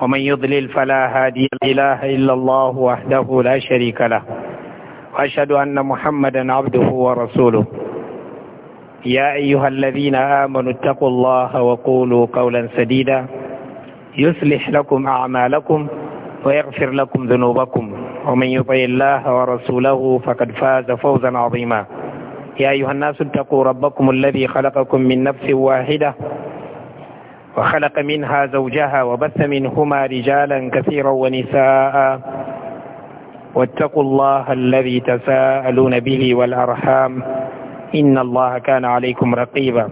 ومن يضلل فلا هادي لا إله إلا الله وحده لا شريك له وأشهد أن محمدا عبده ورسوله يا أيها الذين آمنوا اتقوا الله وقولوا قولا سديدا يصلح لكم أعمالكم ويغفر لكم ذنوبكم ومن يطع الله ورسوله فقد فاز فوزا عظيما يا أيها الناس اتقوا ربكم الذي خلقكم من نفس واحدة وخلق منها زوجها وبث منهما رجالا كثيرا ونساء واتقوا الله الذي تساءلون به والأرحام إن الله كان عليكم رقيبا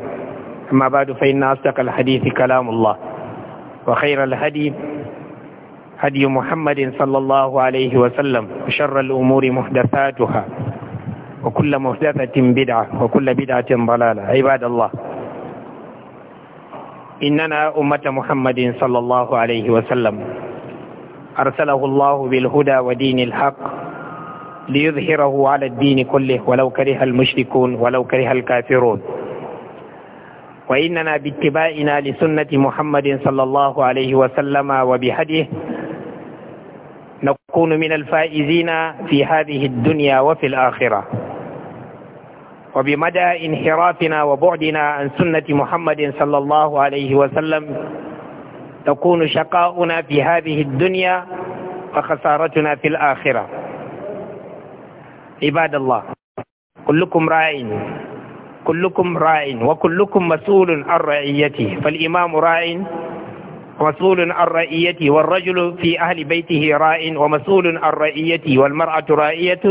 أما بعد فإن أصدق الحديث كلام الله وخير الهدي هدي محمد صلى الله عليه وسلم وشر الأمور محدثاتها وكل محدثة بدعة وكل بدعة ضلالة عباد الله إننا أمة محمد صلى الله عليه وسلم أرسله الله بالهدى ودين الحق ليظهره على الدين كله ولو كره المشركون ولو كره الكافرون وإننا باتباعنا لسنة محمد صلى الله عليه وسلم وبهديه نكون من الفائزين في هذه الدنيا وفي الآخرة وبمدى انحرافنا وبعدنا عن سنة محمد صلى الله عليه وسلم تكون شقاؤنا في هذه الدنيا وخسارتنا في الآخرة عباد الله كلكم راع كلكم راع وكلكم مسؤول عن رعيته فالإمام راع مسؤول عن رعيته والرجل في أهل بيته راع ومسؤول عن رعيته والمرأة رائية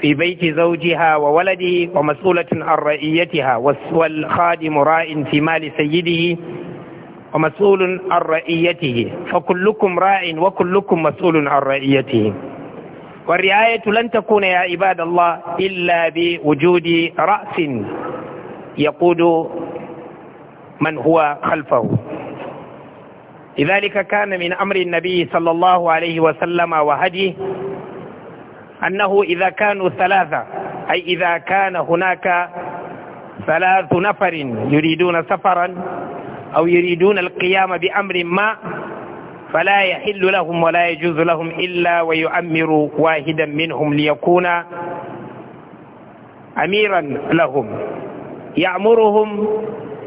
في بيت زوجها وولده ومسؤولة عن رئيتها والخادم راع في مال سيده ومسؤول عن رئيته فكلكم راع وكلكم مسؤول عن رعيته والرعاية لن تكون يا عباد الله إلا بوجود رأس يقود من هو خلفه لذلك كان من أمر النبي صلى الله عليه وسلم وهديه أنه إذا كانوا ثلاثة أي إذا كان هناك ثلاث نفر يريدون سفرا أو يريدون القيام بأمر ما فلا يحل لهم ولا يجوز لهم إلا ويؤمر واحدا منهم ليكون أميرا لهم يأمرهم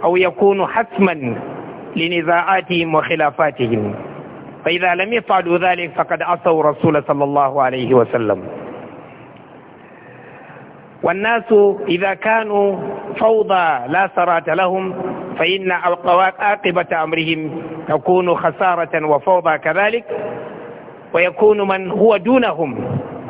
أو يكون حتما لنزاعاتهم وخلافاتهم فإذا لم يفعلوا ذلك فقد عصوا رسول صلى الله عليه وسلم والناس إذا كانوا فوضى لا سراة لهم فإن عاقبة أمرهم تكون خسارة وفوضى كذلك ويكون من هو دونهم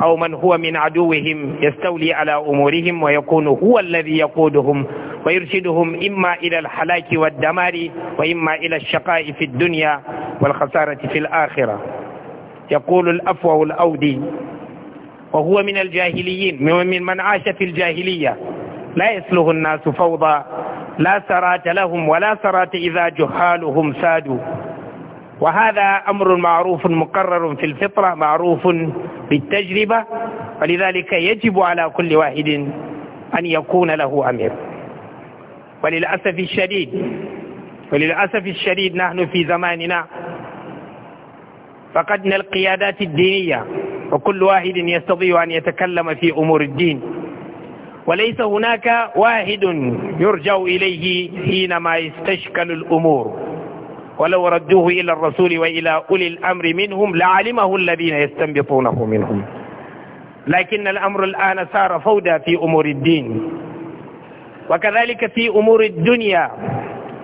أو من هو من عدوهم يستولي على أمورهم ويكون هو الذي يقودهم ويرشدهم إما إلى الحلاك والدمار وإما إلى الشقاء في الدنيا والخسارة في الآخرة يقول الأفوه الأودي وهو من الجاهليين من من عاش في الجاهلية لا يسله الناس فوضى لا سرات لهم ولا سرات إذا جهالهم سادوا وهذا أمر معروف مقرر في الفطرة معروف بالتجربة ولذلك يجب على كل واحد أن يكون له أمير وللأسف الشديد وللأسف الشديد نحن في زماننا فقدنا القيادات الدينية وكل واحد يستطيع أن يتكلم في أمور الدين وليس هناك واحد يرجع إليه حينما يستشكل الأمور ولو ردوه إلى الرسول وإلى أولي الأمر منهم لعلمه الذين يستنبطونه منهم لكن الأمر الآن صار فوضى في أمور الدين وكذلك في أمور الدنيا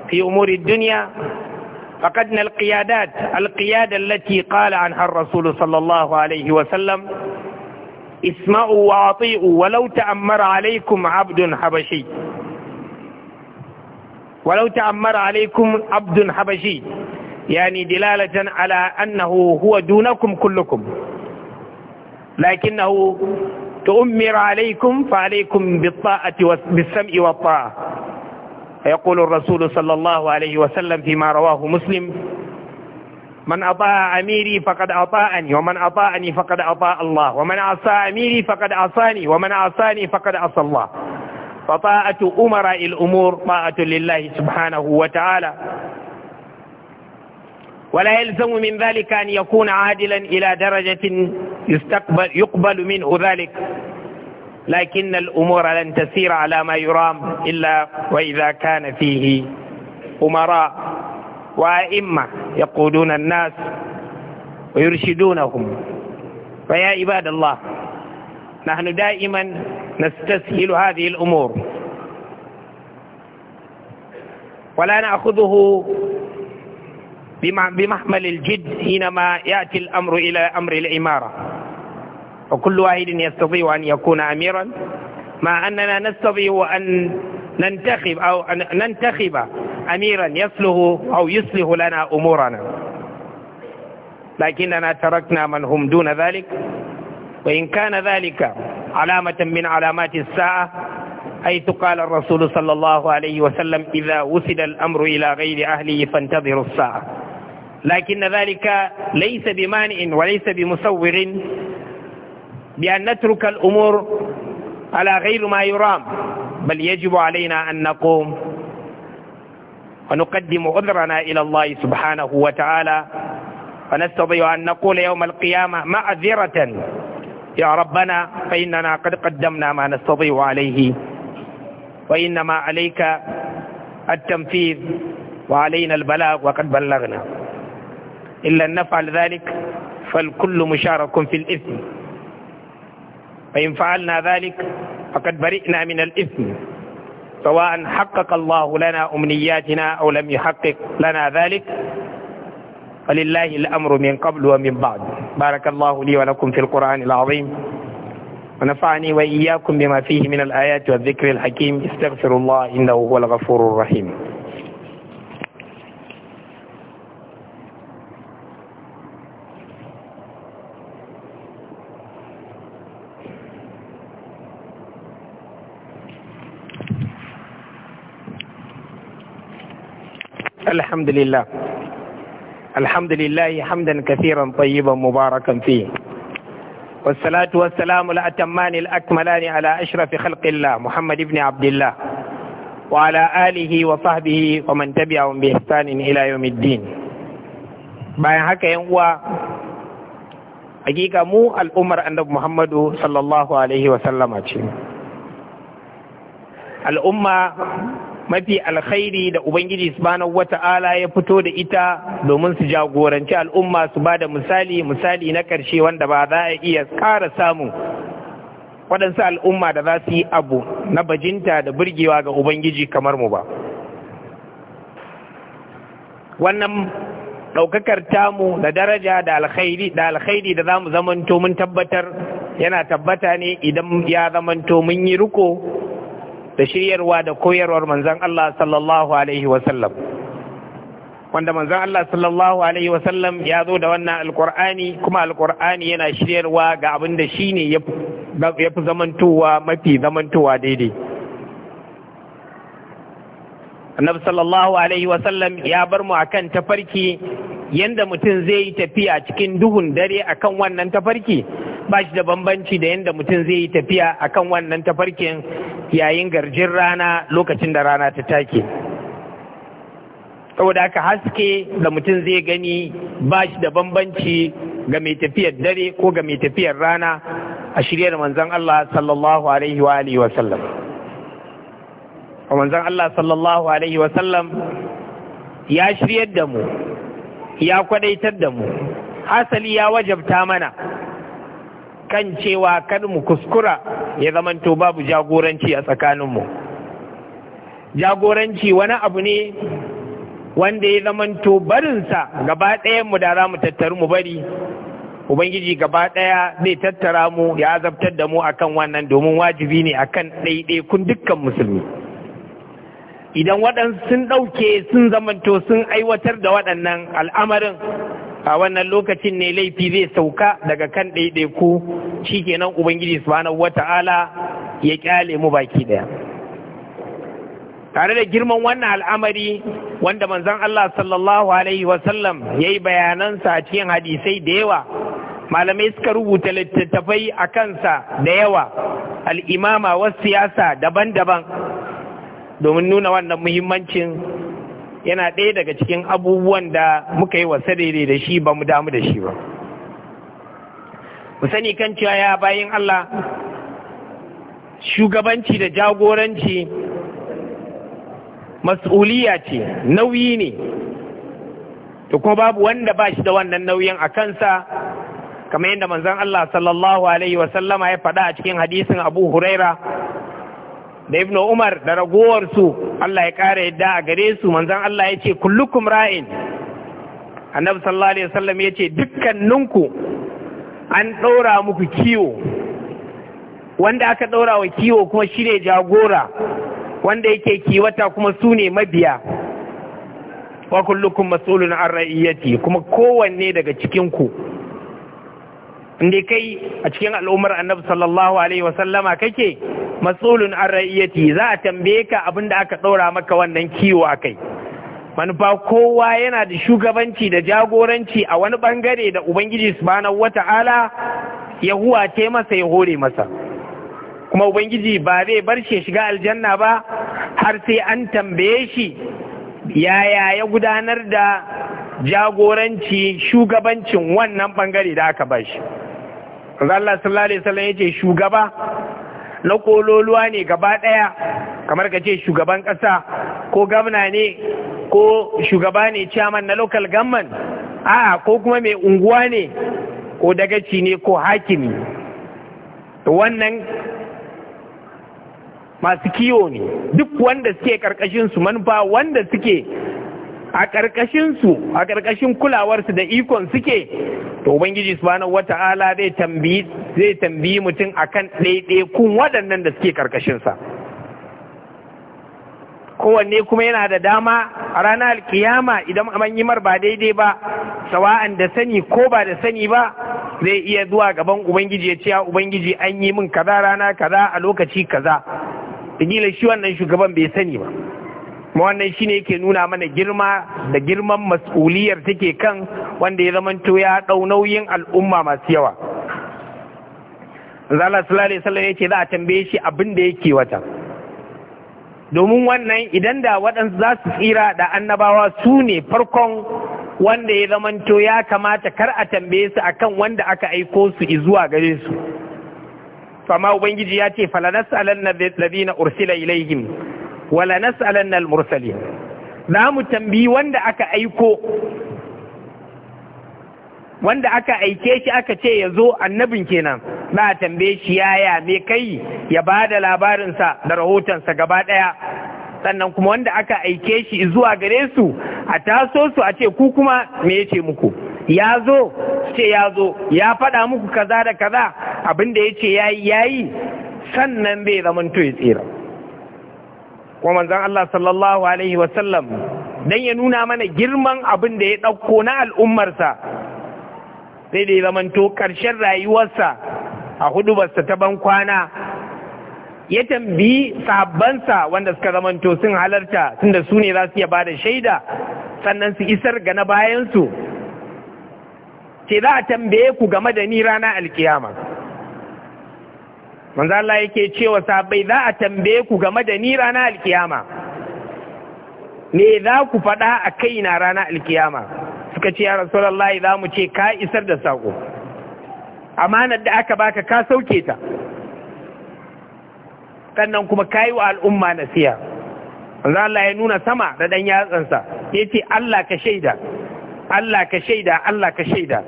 في أمور الدنيا فقدنا القيادات القيادة التي قال عنها الرسول صلى الله عليه وسلم اسمعوا وأطيعوا ولو تأمر عليكم عبد حبشي ولو تأمر عليكم عبد حبشي يعني دلالة على أنه هو دونكم كلكم لكنه تؤمر عليكم فعليكم بالطاعة بالسمع والطاعة يقول الرسول صلى الله عليه وسلم فيما رواه مسلم من أطاع أميري فقد أطاعني ومن أطاعني فقد أطاع الله ومن عصى أميري فقد عصاني ومن عصاني فقد عصى الله فطاعة أمراء الأمور طاعة لله سبحانه وتعالى ولا يلزم من ذلك أن يكون عادلا إلى درجة يستقبل يقبل منه ذلك لكن الأمور لن تسير على ما يرام إلا وإذا كان فيه أمراء وأئمة يقودون الناس ويرشدونهم فيا عباد الله نحن دائما نستسهل هذه الأمور ولا نأخذه بمحمل الجد حينما يأتي الأمر إلى أمر الإمارة وكل واحد يستطيع أن يكون أميرا مع أننا نستطيع أن ننتخب أو أن ننتخب أميرا يصله أو يصلح لنا أمورنا لكننا تركنا من هم دون ذلك وإن كان ذلك علامة من علامات الساعة حيث قال الرسول صلى الله عليه وسلم إذا وسد الأمر إلى غير أهله فانتظروا الساعة لكن ذلك ليس بمانع وليس بمصور بأن نترك الأمور على غير ما يرام بل يجب علينا أن نقوم ونقدم عذرنا إلى الله سبحانه وتعالى فنستطيع أن نقول يوم القيامة معذرة يا ربنا فإننا قد قدمنا ما نستطيع عليه وإنما عليك التنفيذ وعلينا البلاغ وقد بلغنا إلا أن نفعل ذلك فالكل مشارك في الإثم فإن فعلنا ذلك فقد برئنا من الإثم سواء حقق الله لنا أمنياتنا أو لم يحقق لنا ذلك فلله الأمر من قبل ومن بعد بارك الله لي ولكم في القرآن العظيم ونفعني وإياكم بما فيه من الآيات والذكر الحكيم استغفر الله إنه هو الغفور الرحيم الحمد لله الحمد لله حمدا كثيرا طيبا مباركا فيه والصلاة والسلام الأتمان الأكملان على أشرف خلق الله محمد بن عبد الله وعلى آله وصحبه ومن تبعهم بإحسان إلى يوم الدين bayan haka yan uwa hakika mu al'ummar annabi Muhammadu sallallahu alaihi wa sallama ce al'umma mafi alkhairi da ubangiji subhanahu wata'ala ya fito da ita domin su jagoranci al'umma su ba da misali misali na karshe wanda ba za a iya ƙara samu waɗansu al'umma da za su yi abu na bajinta da burgewa ga ubangiji kamar mu ba wannan ɗaukakar tamu da daraja da alkhairi da alkhairi da za mu zamanto mun tabbatar yana tabbata ne idan ya zamanto mun yi riko da shiryarwa da koyarwar manzan Allah sallallahu alaihi wasallam wanda manzan Allah sallallahu alaihi wasallam ya zo da wannan alkur'ani kuma alkur'ani yana shiryarwa ga abin da shi ne ya fi zamantowa mafi zamantowa daidai annabi sallallahu alaihi wasallam ya bar mu akan tafarki yanda mutum zai yi tafiya cikin duhun dare akan wannan tafarki ba shi da bambanci da yanda mutum zai yi tafiya akan wannan tafarkin yayin garjin rana lokacin da rana ta take saboda haka haske da mutum zai gani ba shi da bambanci ga mai tafiyar dare ko ga mai tafiyar rana a shiryar manzon Allah sallallahu alaihi wa alihi wa sallam manzon Allah sallallahu alaihi wa sallam ya shiryar da mu ya kwadaitar da mu asali ya wajabta mana kan cewa kar mu kuskura ya zamanto babu jagoranci a tsakaninmu jagoranci wani abu ne wanda ya zamanto barinsa gaba ɗayanmu da za mu tattaru mu bari ubangiji gaba ɗaya zai tattara mu ya azabtar da mu akan wannan domin wajibi ne akan ɗaiɗaikun dukkan musulmi idan waɗansu sun ɗauke sun zamanto sun aiwatar da waɗannan al'amarin a wannan lokacin ne laifi zai sauka daga kan ɗaiɗaiku kenan ubangiji subhanahu wata'ala ya ƙyale mu baki ɗaya tare da girman wannan al'amari wanda manzon Allah sallallahu alaihi wasallam ya yi bayanansa a cikin hadisai da yawa malamai suka rubuta littattafai a kansa da yawa al'imama wasu siyasa daban-daban domin nuna wannan muhimmancin yana ɗaya daga cikin abubuwan da muka yi wasa daidai da shi ba mu damu da shi ba mu sani kan cewa ya bayan Allah shugabanci da jagoranci mas'uliya ce nauyi ne to kuma babu wanda ba shi da wannan nauyin a kansa kamar yadda manzon Allah sallallahu alaihi wasallama ya faɗa a cikin hadisin Abu Huraira da ibnu umar da ragowarsu Allah ya ƙara yadda a gare su manzan Allah ya ce kullukum ra'in annabi sallallahu alaihi wasallam ya ce dukkaninku an ɗaura muku kiwo wanda aka ɗaura wa kiwo kuma shi jagora wanda yake kiwata kuma sune mabiya wa kullukum mas'ulun an ra'iyati kuma kowanne daga cikinku inda kai a cikin al'ummar annabi sallallahu alaihi wasallama kake matsulun an ra’iyyati za a tambaye ka abin da aka ɗora maka wannan kiwo a kai manufa kowa yana da shugabanci da jagoranci a wani bangare da ubangiji subhanahu wata'ala ya huwace masa ya hore masa kuma ubangiji ba zai bar shi shiga aljanna ba har sai an tambaye shi yaya ya gudanar da jagoranci shugabancin wannan bangare da aka bashi Allah sallallahu alaihi wasallam yace shugaba na kololuwa ne gaba ɗaya. kamar ka ce shugaban kasa ko gwamna ne ko shugaba ne chairman na lokal, gamman? Aa. ko kuma mai unguwa ne ko dagaci ne ko hakimi wannan masu kiwo ne duk wanda suke su manufa wanda suke a a karkashin kulawarsu da ikon suke to ubangiji subhanahu wata'ala zai tambayi zai tambayi mutum akan kun waɗannan da suke karkashin sa kowanne kuma yana da dama a ranar alkiyama idan an yi mar ba daidai ba sawa'an da sani ko ba da sani ba zai iya zuwa gaban ubangiji ya ce ya ubangiji an yi min kaza rana kaza a lokaci kaza da shi wannan shugaban bai sani ba kuma shi ne yake nuna mana girma da girman mas'uliyar take kan wanda ya zamanto ya ɗau nauyin al'umma masu yawa zala sallallahu alaihi ce za a tambaye shi abin da yake wata domin wannan idan da waɗansu za su tsira da annabawa su ne farkon wanda ya zamanto ya kamata kar a tambaye su akan wanda aka aiko su zuwa gare su fama ubangiji ya ce falanas na ladina ursila ilaihim wala nas'alan al-mursalin za mu tambayi wanda aka aiko wanda aka aike shi aka ce ya zo annabin kenan za a tambaye shi yaya me kai ya ba da labarinsa da rahotonsa gaba ɗaya sannan kuma wanda aka aike shi zuwa gare su a taso su a ce ku kuma me yace muku ya zo ce ya zo ya faɗa muku kaza da kaza abin da ya ce ya yi sannan bai zamanto ya tsira kuma manzon Allah sallallahu alaihi wasallam dan ya nuna mana girman abin da ya ɗauko na al'ummarsa sai da ya zamanto ƙarshen rayuwarsa a hudubarsa ta ban kwana ya tambayi sahabbansa wanda suka zamanto sun halarta tunda su ne za su iya ba da shaida sannan su isar ga na bayansu ce za a tambaye ku game da ni rana alkiyama manzo Allah yake cewa sabai za a tambaye ku game da ni rana alkiyama me za ku faɗa a kai na rana alkiyama suka ce ya rasulullahi za mu ce ka isar da sako amanar da aka baka ka sauke ta sannan kuma ka yi wa al'umma nasiya manzo Allah ya nuna sama da dan yatsansa yace Allah ka shaida Allah ka shaida Allah ka shaida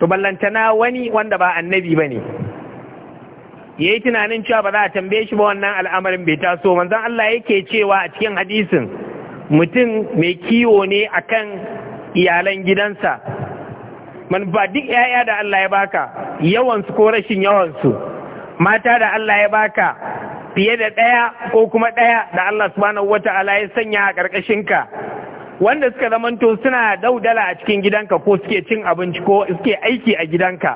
to ballantana wani wanda ba annabi ba ne ya yi tunanin cewa ba za a tambaye shi ba wannan al'amarin bai taso manzan Allah yake cewa a cikin hadisin mutum mai kiwo ne akan iyalan gidansa man duk yaya da Allah ya baka yawansu ko rashin yawansu mata da Allah ya baka fiye da ɗaya ko kuma ɗaya da Allah subhanahu wata'ala ya sanya a ƙarƙashinka wanda suka zamanto suna daudala a cikin gidanka ko suke cin abinci ko suke aiki a gidanka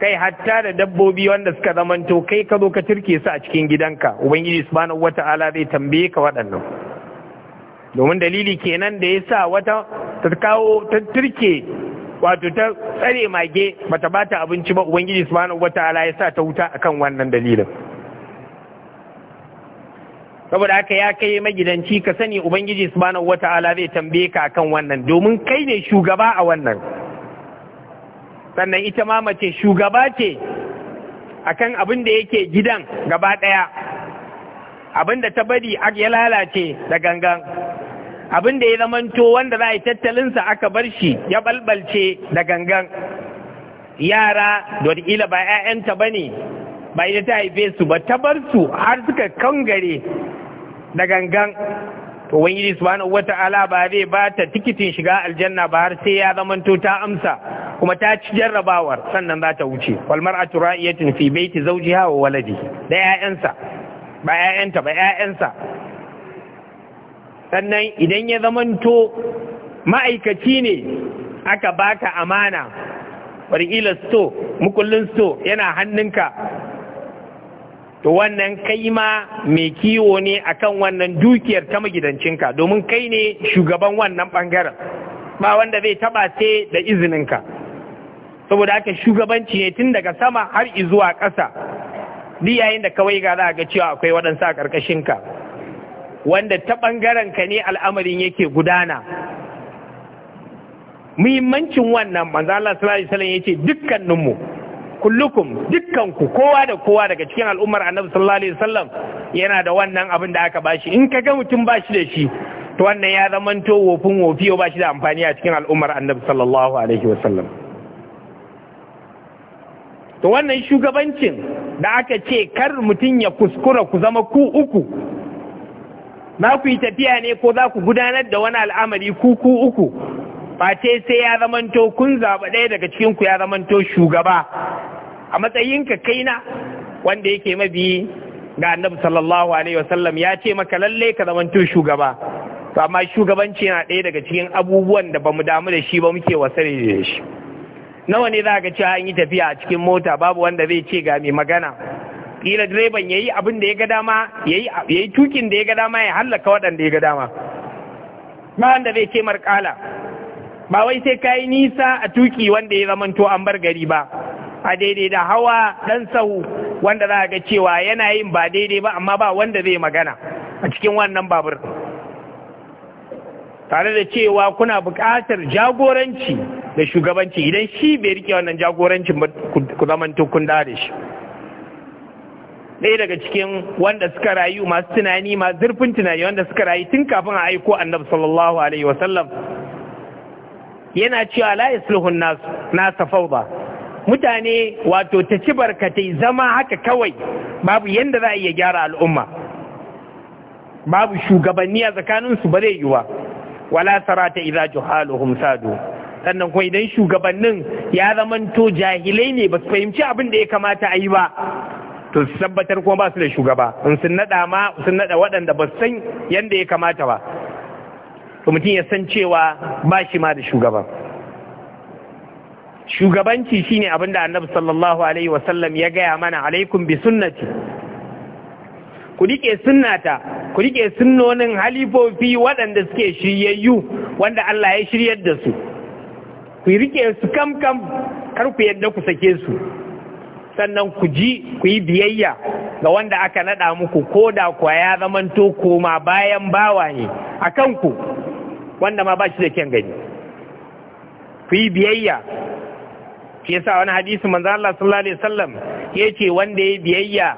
kai hatta da dabbobi wanda suka zamanto kai ka zo ka turke su a cikin gidanka ubangiji subhanahu wata'ala zai tambaye ka waɗannan domin dalili kenan da ya sa wata ta kawo ta turke wato ta tsare mage bata bata abinci ba ubangiji subhanahu wata'ala ya sa ta wuta akan wannan dalilin saboda haka ya kai magidanci ka sani ubangiji subhanahu wata'ala zai tambaye ka akan wannan domin kai ne shugaba a wannan sannan ita ma mace shugaba ce akan abin da yake gidan gaba ɗaya abin da ta bari ya lalace da gangan abin da ya zamanto wanda za a yi sa aka bar shi ya balbalce da gangan yara da ila ba 'ya'yanta bane ba ita ta haife su ba ta bar su har suka kangare da gangan to wangiji subhanahu wata'ala ba zai ba ta tikitin shiga aljanna ba har sai ya zamanto ta amsa kuma ta ci jarrabawar sannan za ta wuce wal mar'atu ra'iyatun fi baiti zawjiha wa waladi da 'ya'yansa ba 'ya'yanta ba 'ya'yansa sannan idan ya zamanto ma'aikaci ne aka baka amana ila sto mukullin sto yana hannunka to wannan kai ma mai kiwo ne akan wannan dukiyar ta magidancinka domin kai ne shugaban wannan bangaren ba wanda zai taba sai da izininka saboda aka shugabanci ne tun daga sama har zuwa ƙasa duk yayin da kawai ga za ga cewa akwai waɗansu a ƙarƙashinka wanda ta ɓangaren ka ne al'amarin yake gudana muhimmancin wannan manzo Allah sallallahu alaihi wasallam yace dukkaninmu kullukum dukkanku kowa da kowa daga cikin al'ummar annabi sallallahu alaihi wasallam yana da wannan abin da aka bashi in ka ga mutum bashi da shi to wannan ya zamanto wofin wofiyo bashi da amfani a cikin al'ummar annabi sallallahu alaihi wasallam to wannan shugabancin da aka ce kar mutum ya kuskura ku zama ku uku za ku yi tafiya ne ko za ku gudanar da wani al'amari ku ku uku face sai ya zamanto kun zaɓa ɗaya daga cikin ku ya zamanto shugaba a matsayinka kaina wanda yake mabi ga annabi sallallahu alaihi wasallam ya ce maka lalle ka zamanto shugaba to amma shugabanci yana ɗaya daga cikin abubuwan da bamu damu da shi ba muke wasare da shi nawa ne za ka ce an yi tafiya a cikin mota babu wanda zai ce ga mai magana kila direban yayi abin da ya ga dama yayi tukin da ya ga dama ya hallaka waɗanda ya ga dama ba wanda zai ce markala ba wai sai kayi nisa a tuki wanda ya zamanto an bar gari ba a daidai da hawa dan sahu wanda za ga cewa yana yin ba daidai ba amma ba wanda zai magana a cikin wannan babur tare da cewa kuna buƙatar jagoranci da shugabanci idan shi bai rike wannan jagorancin ba ku zaman tukun da shi ɗaya daga cikin wanda suka rayu masu tunani masu zurfin tunani wanda suka rayu tun kafin a aiko annabi sallallahu alaihi wasallam yana cewa la sulhun na nasa ba. mutane wato ta ci barkatai zama haka kawai babu yadda za a iya gyara al'umma babu shugabanni a tsakaninsu ba zai yi wa. wala sarata iza juhaluhum sadu sannan kuma idan shugabannin ya zama to jahilai ne ba su fahimci abin da ya kamata a yi ba to su tabbatar kuma ba su da shugaba in sun nada ma sun nada waɗanda ba san yadda ya kamata ba to mutum ya san cewa ba shi ma da shugaba shugabanci shine abin da annabi sallallahu alaihi wasallam ya gaya mana alaikum bi sunnati ku rike sunnata ku rike sunnonin halifofi waɗanda suke shiryayyu wanda Allah ya shiryar da su ku rike su kam kam kar ku yadda ku sake su sannan ku ji ku yi biyayya ga wanda aka naɗa muku ko da kuwa ya zamanto koma bayan bawa ne a kanku wanda ma ba shi da kyan gani ku yi biyayya shi yasa wani hadisi manzo Allah sallallahu alaihi wasallam yace wanda ya biyayya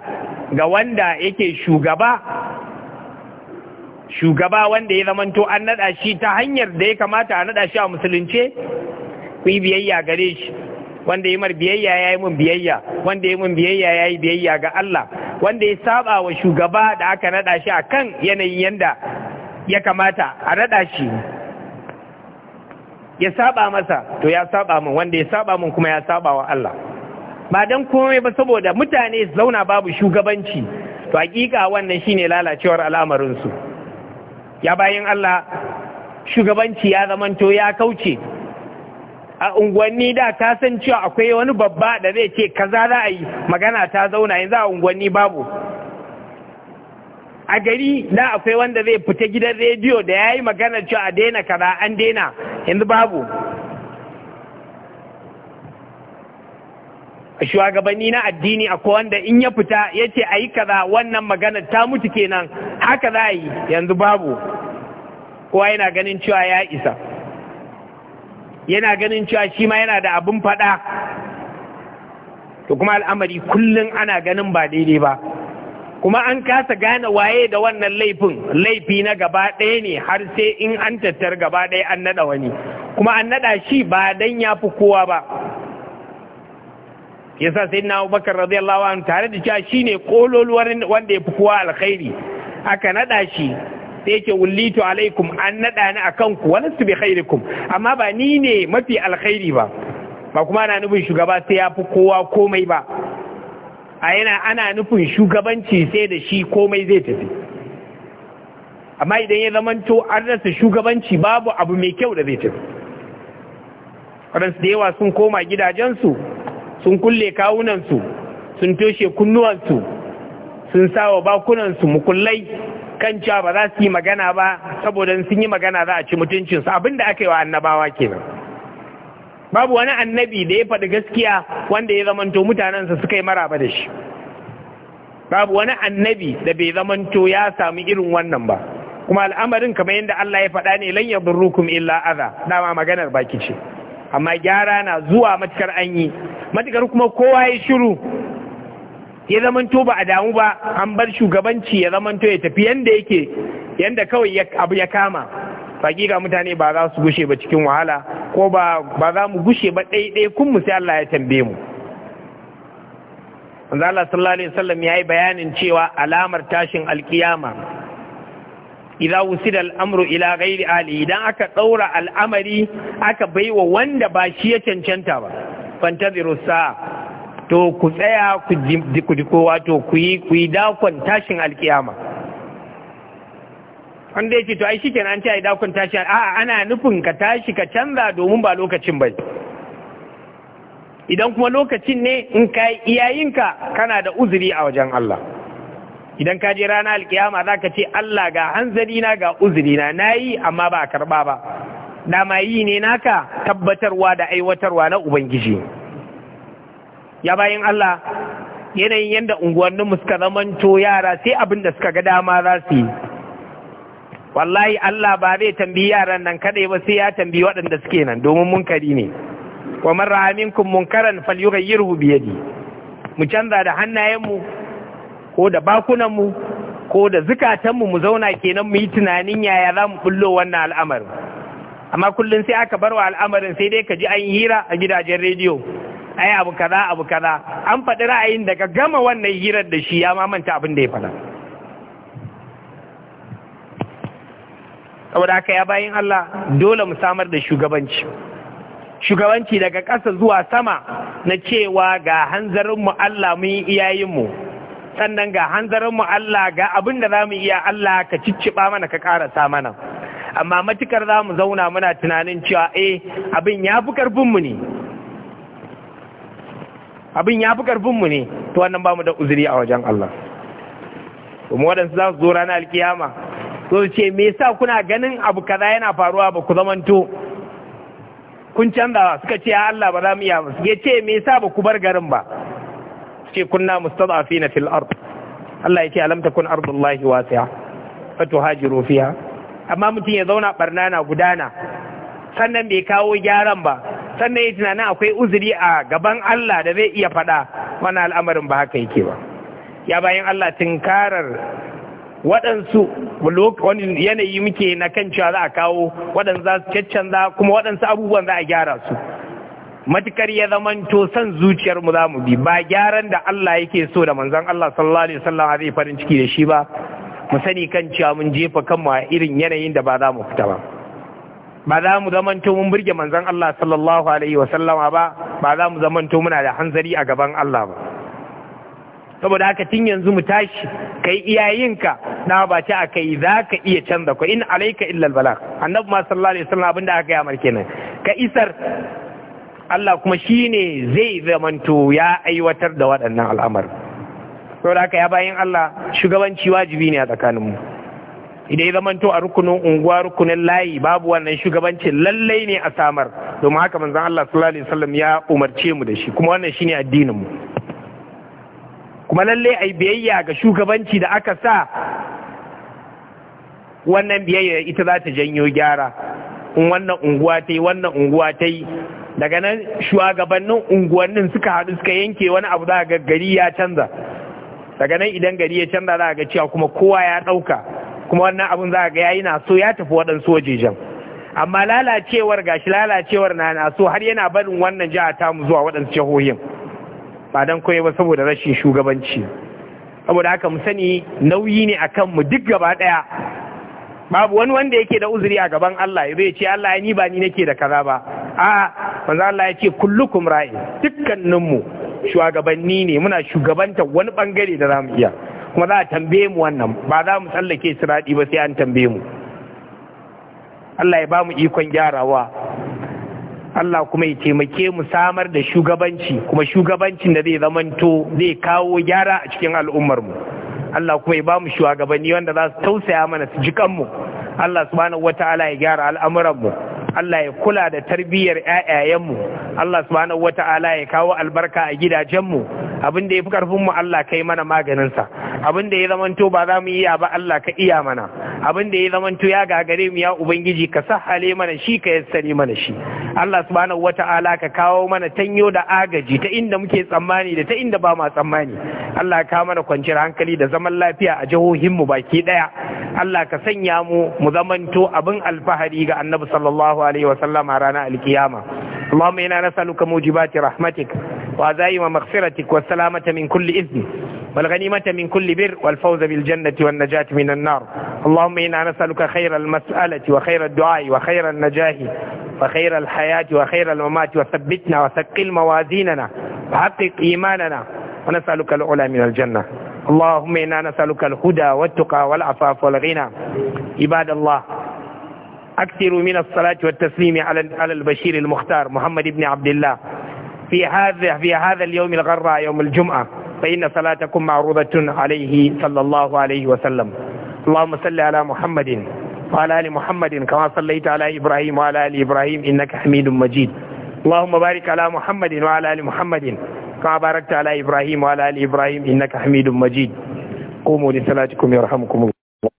ga wanda yake shugaba shugaba wanda ya zamanto an nada shi ta hanyar da ya kamata a nada shi a musulunce ku yi biyayya gare shi wanda ya mar biyayya yayi mun biyayya wanda ya mun biyayya ya biyayya ga Allah wanda ya saba wa shugaba da aka nada shi akan yanayin yanda ya kamata a nada shi ya saba masa to ya saba min wanda ya saba min kuma ya saba wa Allah ba dan komai ba saboda mutane zauna babu shugabanci to hakika wannan shine lalacewar al'amarin su ya bayin Allah shugabanci ya zamanto ya kauce a unguwanni da ka san cewa akwai wani babba da zai ce kaza za a yi magana ta zauna yanzu a unguwanni babu a gari da akwai wanda zai fita gidan rediyo da ya yi magana cewa a daina kaza an daina yanzu babu shugabanni na addini a wanda in ya fita ya ce a yi kaza wannan maganar ta mutu kenan haka za a yi yanzu babu kowa yana ganin cewa ya isa yana ganin cewa shi ma yana da abin faɗa to kuma al'amari kullum ana ganin ba daidai ba kuma an kasa gane waye da wannan laifin laifi na gaba ɗaya ne har sai in an tattar gaba ɗaya an naɗa wani kuma an naɗa shi ba dan ya fi kowa ba yasa sai na bakar radiyallahu anhu tare da cewa shine kololuwar wanda ya fi kowa alkhairi aka naɗa shi sai yake wullitu alaikum an naɗa ni a kanku wani su bi khairikum amma ba ni ne mafi alkhairi ba ba kuma na nufin shugaba sai ya fi kowa komai ba a yana ana nufin shugabanci sai da shi komai zai tafi amma idan ya zamanto an rasa shugabanci babu abu mai kyau da zai tafi waɗansu da yawa sun koma gidajensu sun kulle kawunansu sun toshe kunnuwansu sun sawa bakunansu mukullai kan cewa ba za su yi magana ba saboda sun yi magana za a ci mutuncinsu abin da aka yi wa annabawa kenan babu wani annabi da ya faɗi gaskiya wanda ya zamanto mutanensa suka yi maraba da shi babu wani annabi da bai zamanto ya sami irin wannan ba kuma al'amarin kamar yadda Allah ya faɗa ne lan yadurrukum illa adha dama maganar baki ce amma gyara na zuwa matukar anyi. matukar kuma kowa ya shiru ya zamanto ba a damu ba an bar shugabanci ya zamanto ya tafi yanda yake yanda kawai abu ya kama hakika mutane ba za su gushe ba cikin wahala ko ba ba za mu gushe ba ɗaiɗai kun mu sai Allah ya tambaye mu Wanda Allah sallallahu alaihi wasallam yi bayanin cewa alamar tashin alkiyama wusi da al’amuru ila gairi ali idan aka ɗaura al'amari aka baiwa wanda ba shi ya cancanta ba fantaziru sa to ku tsaya ku ji kowa to ku yi dakon tashin alkiyama wanda yake ce to ai shikenan an ce ai dakon tashi a'a ana nufin ka tashi ka canza domin ba lokacin bai idan kuma lokacin ne in ka iyayinka kana da uzuri a wajen Allah idan ka je rana alkiyama za ka ce Allah ga hanzari na ga uzuri na nayi amma ba karba ba dama yi ne naka tabbatarwa da aiwatarwa na ubangiji ya bayin Allah yanayin yadda unguwanninmu suka zamanto yara sai abin da suka ga dama za su yi wallahi Allah ba zai tambayi yaran nan kadai ba sai ya tambayi waɗanda suke nan domin munkari ne wa man ra'a munkaran falyughayyirhu bi yadi mu canza da hannayenmu ko da bakunanmu ko da zukatanmu mu zauna kenan mu yi tunanin yaya za mu bullo wannan al'amarin amma kullum sai aka bar wa al'amarin sai dai ka ji an hira a gidajen rediyo ai abu kaza abu kaza an faɗi ra'ayin daga gama wannan hirar da shi ya mamanta abin da ya faɗa saboda haka ya bayin Allah dole mu samar da shugabanci shugabanci daga ƙasa zuwa sama na cewa ga hanzarinmu Allah mun yi iyayenmu sannan ga hanzarinmu Allah ga abin da za mu iya Allah ka cicciɓa mana ka ƙarasa mana amma matukar za mu zauna muna tunanin cewa eh abin ya fi ƙarfinmu ne abin ya fi ƙarfinmu ne to wannan ba mu da uzuri a wajen Allah kuma waɗansu za su zo ranar alkiyama so ce me yasa kuna ganin abu kaza yana faruwa ba ku zamanto kun canza suka ce ya Allah ba za mu iya ba ya ce me yasa ba ku bar garin ba ce kunna mustad'afina fil ard Allah ya ce alam takun ardullahi wasi'a fatuhajiru fiha amma mutum ya zauna barna na gudana sannan bai kawo gyaran ba sannan ya tunanin akwai uzuri a gaban Allah da zai iya faɗa wani al'amarin ba haka yake ba ya bayan Allah tinkarar waɗansu wani yanayi muke na kan cewa za a kawo waɗansu za su caccanza kuma waɗansu abubuwan za a gyara su matukar ya zamanto son zuciyar mu za mu bi ba gyaran da Allah yake so da manzon Allah sallallahu alaihi wasallam zai farin ciki da shi ba mu sani kan cewa mun jefa kanmu a irin yanayin da ba za mu fita ba ba za mu zamanto mun burge manzon Allah sallallahu alaihi wasallam ba ba za mu zamanto muna da hanzari a gaban Allah ba saboda haka tun yanzu mu tashi kai iyayenka na ba ta kai za ka iya canza ku in alaika illal balagh annabi ma sallallahu alaihi wasallam abinda aka yi marke nan. ka isar Allah kuma shine zai zamanto ya aiwatar da waɗannan al'amar saboda haka ya bayan Allah shugabanci wajibi ne a tsakaninmu idan ya zamanto a rukunin unguwa rukunin layi babu wannan shugabancin lallai ne a samar domin haka manzon Allah sallallahu alaihi wasallam ya umarce mu da shi kuma wannan shine addinin mu kuma lalle yi biyayya ga shugabanci da aka sa wannan biyayya ita za ta janyo gyara in wannan unguwa ta yi wannan unguwa ta yi daga nan shugabannin unguwannin suka haɗu suka yanke wani abu za ga gari ya canza daga nan idan gari ya canza za ga cewa kuma kowa ya ɗauka kuma wannan abun za ga yayi na so ya tafi waɗansu wajejen amma lalacewar gashi lalacewar na na so har yana barin wannan jiha tamu zuwa waɗansu jihohin ba don koyi ba saboda rashin shugabanci saboda haka mu sani nauyi ne akan mu duk gaba daya babu wani wanda yake da uzuri a gaban Allah ya zai ce Allah ya ni ba ni nake da kaza ba a manzo Allah ya ce kullukum ra'i dukkanin mu shugabanni ne muna shugabanta wani bangare da zamu iya kuma za a tambaye mu wannan ba za mu tsallake siradi ba sai an tambaye mu Allah ya ba mu ikon gyarawa Allah kuma ya taimake mu samar da shugabanci kuma shugabancin da zai zamanto zai kawo gyara a cikin al'ummar mu Allah kuma ya ba mu shugabanni wanda za su tausaya mana su ji kanmu Allah subhanahu wata'ala ya gyara al'amuran mu Allah ya kula da tarbiyyar ‘ya'yayenmu, Allah subhanahu wata'ala ya kawo albarka a gidajenmu, abin da ya fi mu Allah kai mana maganinsa, abin da ya zamanto ba za mu iya ba Allah ka iya mana, abin da ya zamanto ya gagare mu ya Ubangiji ka sahale mana shi ka yassare mana shi. Allah subhanahu wata'ala ka kawo mana tanyo da agaji ta inda muke tsammani da ta inda ba ma tsammani Allah ka mana kwanciyar hankali da zaman lafiya a jihohin mu baki daya Allah ka sanya mu mu zamanto abin alfahari ga Annabi sallallahu alaihi wa sallam a ranar alkiyama اللهم إنا نسألك موجبات رحمتك وعزائم مغفرتك والسلامة من كل إثم والغنيمة من كل بر والفوز بالجنة والنجاة من النار اللهم إنا نسألك خير المسألة وخير الدعاء وخير النجاه فخير الحياة وخير الممات وثبتنا وثقل موازيننا وحقق إيماننا ونسألك العلا من الجنة اللهم إنا نسألك الهدى والتقى والعفاف والغنى عباد الله أكثروا من الصلاة والتسليم على البشير المختار محمد بن عبد الله في هذا في هذا اليوم الغراء يوم الجمعة فإن صلاتكم معروضة عليه صلى الله عليه وسلم اللهم صل على محمد وعلى آل محمد كما صليت على إبراهيم وعلى آل إبراهيم إنك حميد مجيد اللهم بارك على محمد وعلى آل محمد كما باركت على إبراهيم وعلى آل إبراهيم إنك حميد مجيد قوموا لصلاتكم يرحمكم الله